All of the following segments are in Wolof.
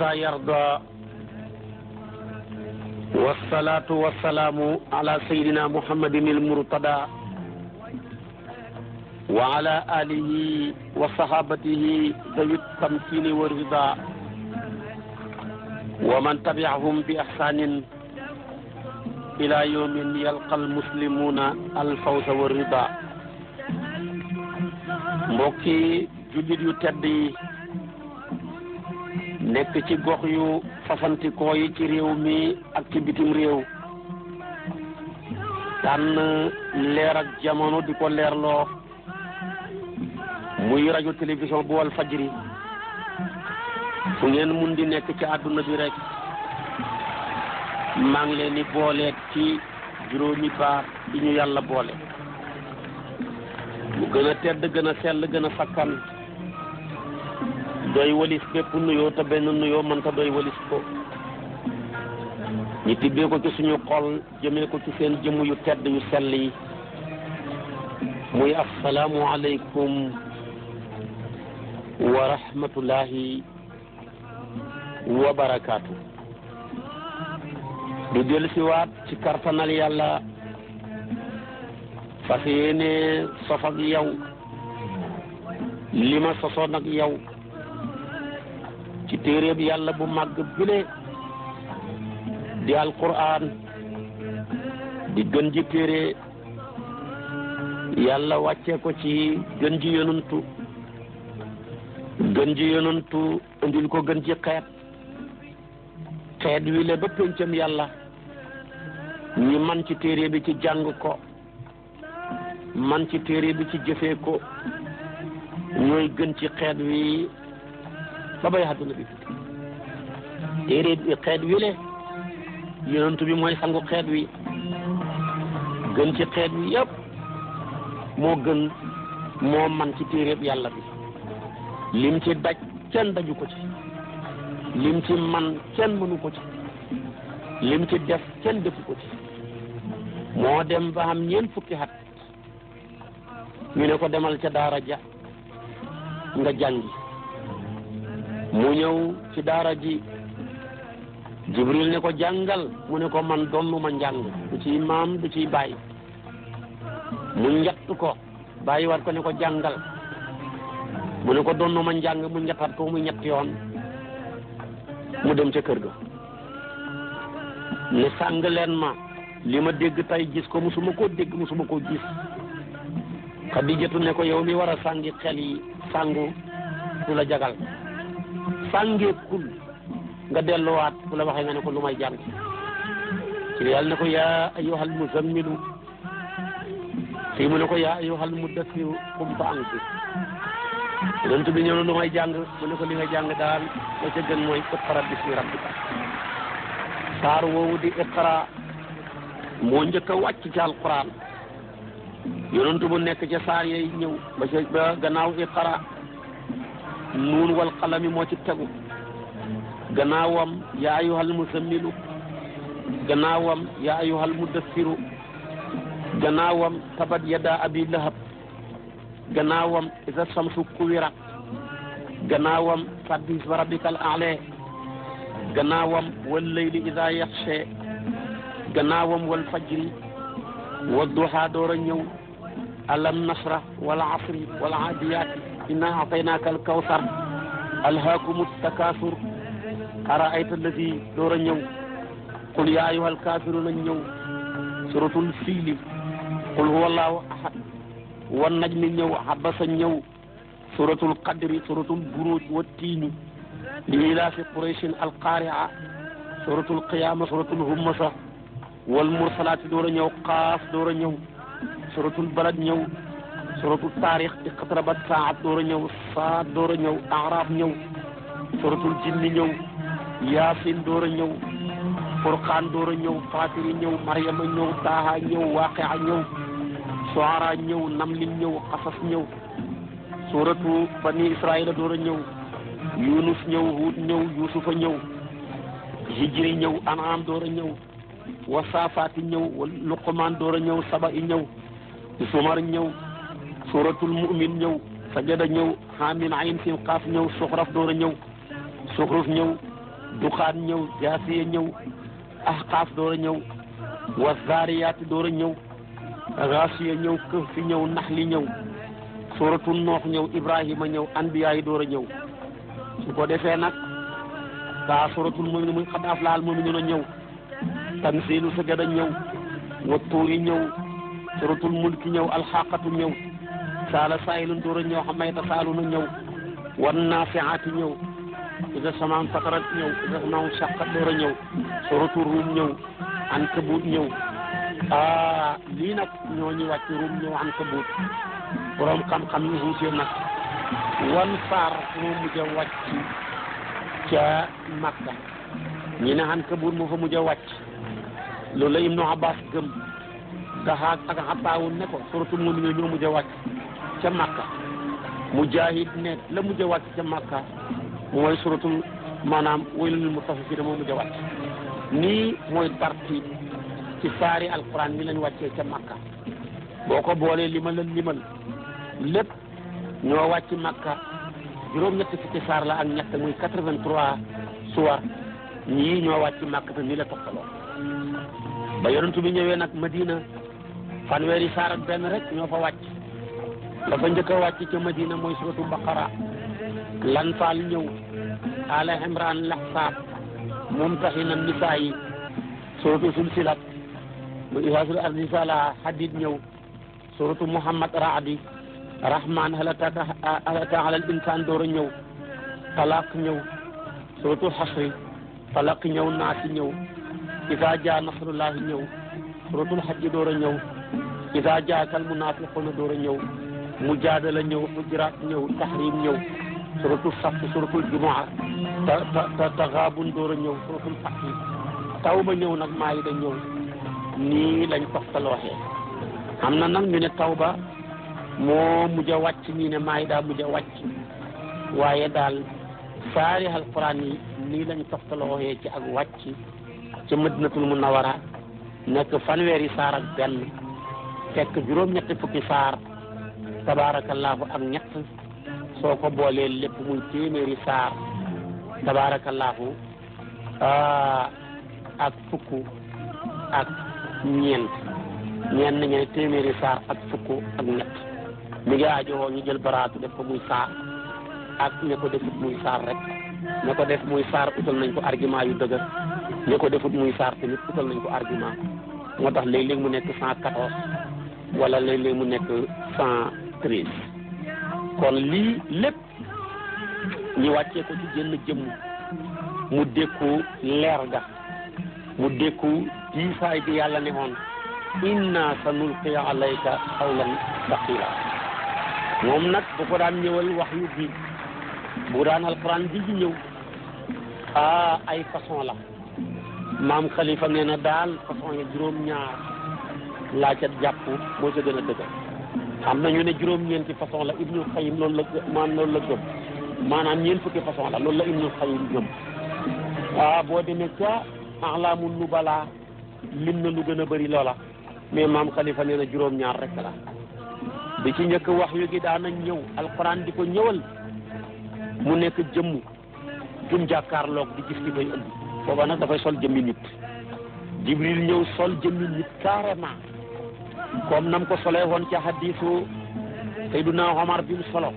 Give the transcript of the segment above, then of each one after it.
حتى يرضى والصلاة والسلام على سيدنا محمد المرتضى وعلى آله وصحابته ذوي التمكين والرضا ومن تبعهم بإحسان إلى يوم يلقى المسلمون الفوز والرضا mbokki jullit yu tedd yi nekk ci gox yu fasantikoo yi ci réew mi ak ci bitim réew tànn leer ak jamono di ko leerloo muy rajo télévision bu wal fajri fu ngeen mun di nekk ci àdduna bi rekk maa ngi leen di booleek ci juróomi baax yi ñu yàlla boole mu gën a tedd gën a sell gën a sakkan dooy walis bépp nuyoo te benn nuyoo mën ta doy walis ko ñu tibbee ko ci suñu xol jëmee ko seen jëmm yu tedd yu sell yi muy assalaamu aleykum wa rahmatullahi wa du dellu si waat ci kartanal yàlla fas yéene sof ak yow li ma sosoon yow ci téeréeb yàlla bu màgg bile di alquran di gën ji téere yàlla wàcce ko ci gën ji yonantu gën ji yonantu indil ko gën ji xeet xeet wi le ba péncam yàlla ñi man ci téere bi ci jàng ko man ci téere bi ci jëfee ko ñooy gën ci xeet wi ba bay àdduna bi téere bi xeet wi le yonent bi mooy sangu xeet wi gën ci xeet wi yëpp moo gën moo man ci téereb yàlla bi lim ci daj kenn daju ko ci lim ci man kenn mënu ko ci lim ci def kenn defu ko ci moo dem ba am ñeent fukki at ñu ne ko demal ca daara ja nga jàngi mu ñëw ci daara ji jibril ne ko jàngal mu ne ko man donnuma njàng du ciy maam bu ci bàyyi mu njatt ko bàyyiwaat ko ne ko jàngal mu ne ko donnuma njàng mu njattaat ko mu ñett yoon mu dem ca kër ga ne sàng leen ma li ma dégg tey gis ko musuma ko dégg musuma koo gis xadijatu ne ko yow mi war a sàngi xel yi sàngu du la jagal sàngeekul nga delluwaat bu la waxee nga ne ko lu may jàng ci yàlla ne ko yaa ayyuhal muzammilu fii mu ne ko yaa ayyuhal muddassiru qum fa anzir yonent bi ñëw na ko li nga jàng daal la saar woowu di iqra moo njëkk a wàcc ci alquran yonent bu nekk ca saar yay ñëw ba gannaaw iqra nuun wal qalami moo ci tegu gannaawam yaa ayyuhal musammilu gannaawam yaa ayyuhal mudassiru gannaawam tabat yada abi lahab gannaawam isa samsu kuwira gannaawam sabbi isma rabbikal a'la gannaawam wal layli ida yaxshe gannaawam wal fajri wa duha door a ñëw alam nasra wal asri wal aadiyaati innaa ataynaaka alkawsar alhaakumu takaasur araayta alladi door a ñëw qul yaa ayuha alkaafiruuna ñëw suratul fiili qul huwa allahu ahad wan najmi ñëw habasa ñëw suratul qadri suratul buruj wa tiini li ilaafi qurayshin alqaaria suratul qiyaama suratul hummasa wal mursalaati door a ñëw qaaf door a ñëw suratul balad ñëw suratul taarix iqtarabat saat door a ñëw saat door a ñëw araab ñëw suratul jinni ñëw yaasin door a ñëw furqaan door a ñëw ñëw maryama bani israila door a ñëw yunus ñëw huud ñëw yusufa ñëw hijri ñëw anam suratul mu'min ñëw sajada ñëw xaamin ayn sin qaaf ñëw suxraf door a ñëw suxruf ñëw duxaan ñëw jaasiya ñëw ahqaaf door a ñëw wazaariyaati door ñëw gaasiya ñëw kahfi ñëw naxli ñëw suratul noox ñëw ibrahima ñëw anbiya door ñëw su ko defee nag waa suratul mu'min muy xad aflaal mu'minun a ñëw tanzilu sajada ñëw wa ñëw suratul mulki ñëw alxaqatu ñëw saala saayilun dóor a ñëw xamayta saaluna ñëw wan naafiaati ñëw ida samaam fatarat ñëw ida samaam saqat dóor a ñëw suratu ruum ñëw ankabut ñëw ah lii nag ñoo ñu wàcc ruum ñëw ankabut borom xam-xam yi wuute nag wan saar moo mujj a wàcc ca Makka ñi ne ankabut moo fa mujj a wàcc loolu la Abbas gëm daxaa ak xattaawun ne ko suratu mu'minuun ñoo mujj a wàcc mujahid ne la mujj a wàcc ca Makka mooy suratul maanaam waylul mutaffifina moo mujj a wàcc nii mooy parti ci saari alquran mi leen wàccee ca Makka boo ko boolee li limal la limal lépp ñoo wàcc Makka juróom-ñetti fukki saar la ak ñett muy quatre-vingt-trois suwar ñii ñoo wàcc Makka te nii la toftaloo ba yonentu bi ñëwee nag Madina fanweeri saar ak benn rek ñoo fa wàcc dafa njëkk a wàcc ca Madina mooy suratu Baqara lan faal ñëw Aala Imraan Laxsaab Mumtahina nisaa yi suratu Sulsilat bu iwasul ardi sala hadid ñëw suratu Muhammad Raadi Rahman halataaka halata alal insaan door ñëw Talaaq ñëw suratu Xasri Falaq ñëw Naasi ñëw Izaa jaa nasrullahi ñëw suratul Hajj door a ñëw Izaa jaa kal munaafiquuna door ñëw. mujaadala ñëw hujuraat ñëw tahrim ñëw suratul saff suratul jumaa ta ta ta taxaabun door a ñëw suratul fath tawba ñëw nag maayida ñëw nii lañ toftaloo waxee am na nag ñu ne tawba moo mujj a wàcc ñi ne maayida mujj a wàcc waaye daal saari alquran yi nii lañ toftaloo waxee ci ak wàcc ci madinatul munawara nekk fanweeri saar ak benn fekk juróom-ñetti fukki saar tabaarakallaahu ak ñett soo ko boolee lépp muy téeméeri saar tabaarakallaahu ah, ak fukk ak ñeent ñeent nañu ne téeméeri saar ak fukk ak ñett mi ngi aajowoo ñu jël baraatu def ko muy saar ak ña ko defut muy saar rek ña ko def muy saar utal nañ ko argument yu dëgër ña ko defut muy saar tamit utal nañ ko argument moo tax léeg-léeg mu nekk cent quatorze wala léeg-léeg mu nekk cent treize kon lii lépp ñu wàccee ko ci jënn jëmm mu dékku leer ga mu dékku diisaay bi yàlla ne woon inna sa nulqi alayka qawlan thaqila moom nag bu ko daan ñëwal wax yu bi bu daan alquran bi di ñëw ah ay façon la maam Khalifa nee na daal façon ya juróom ñaar laa ca jàpp moo ca gën a dëgër am nañu ne juróom-ñeenti façon la Ibnul Qayyim loolu la maanaam loolu la gëm maanaam ñeent fukki façon la loolu la Ibnul Qayyim gëm ah boo demee ca A'laamu Nubalaa lim na lu gën a bëri loola mais maam Khalifa nee na juróom-ñaar rek la bi ci njëkk wax yu gi daana ñëw alquran di ko ñëwal mu nekk jëmmu jum jàkkaarloog di gis koy ëmb booba nag dafay sol jëmmi nit Jibril ñëw sol jëmmi nit carrément. comme nam ko solee woon ca hadiisu Seyduna Omar bi mu solo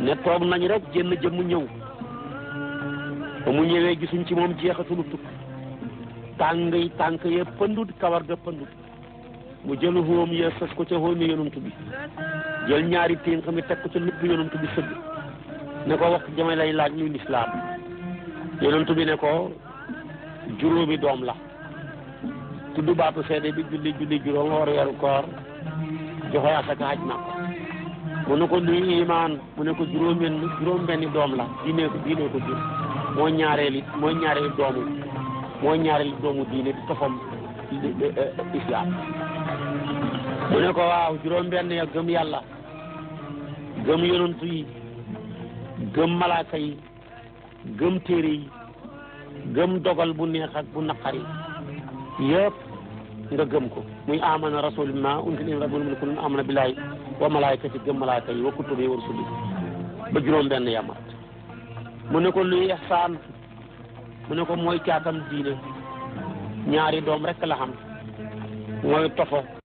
ne toog nañ rek jënn jëmm ñëw ba mu ñëwee gisuñ ci moom jeexatulu tukk tàng yi tànk ya pëndut kawar ga pëndut mu jël xóom ya sës ko ca xóomi yonumtu bi jël ñaari ténk mi teg ko ca lupp yonumtu bi sëgg ne ko wax jama lay laaj luy lislaam yonumtu bi ne ko juróomi doom la tudd baatu seede bi julli julli juróom nga war weeru koor joxe asaka aj na ko mu ne ko luy imaan mu ne ko juróom benni doom la diine ko diine ko jur mooy ñaareeli mooy ñaareeli doomu diine di tofam eh, eh, islam mu ne ko waaw juróom-benn ya gëm yàlla gëm yonantu yi gëm malaaka yi gëm téere yi gëm dogal bu neex ak bu naqari yëpp nga gëm ko muy amana rasul ma until in rabbil mulkul amana billahi wa malaikati gëm malaaka yi wa kutubi wa rusuli ba juróom benn yamaat mu ne ko luy ihsaan mu ne ko mooy caatam diine ñaari doom rek la xam mooy tofo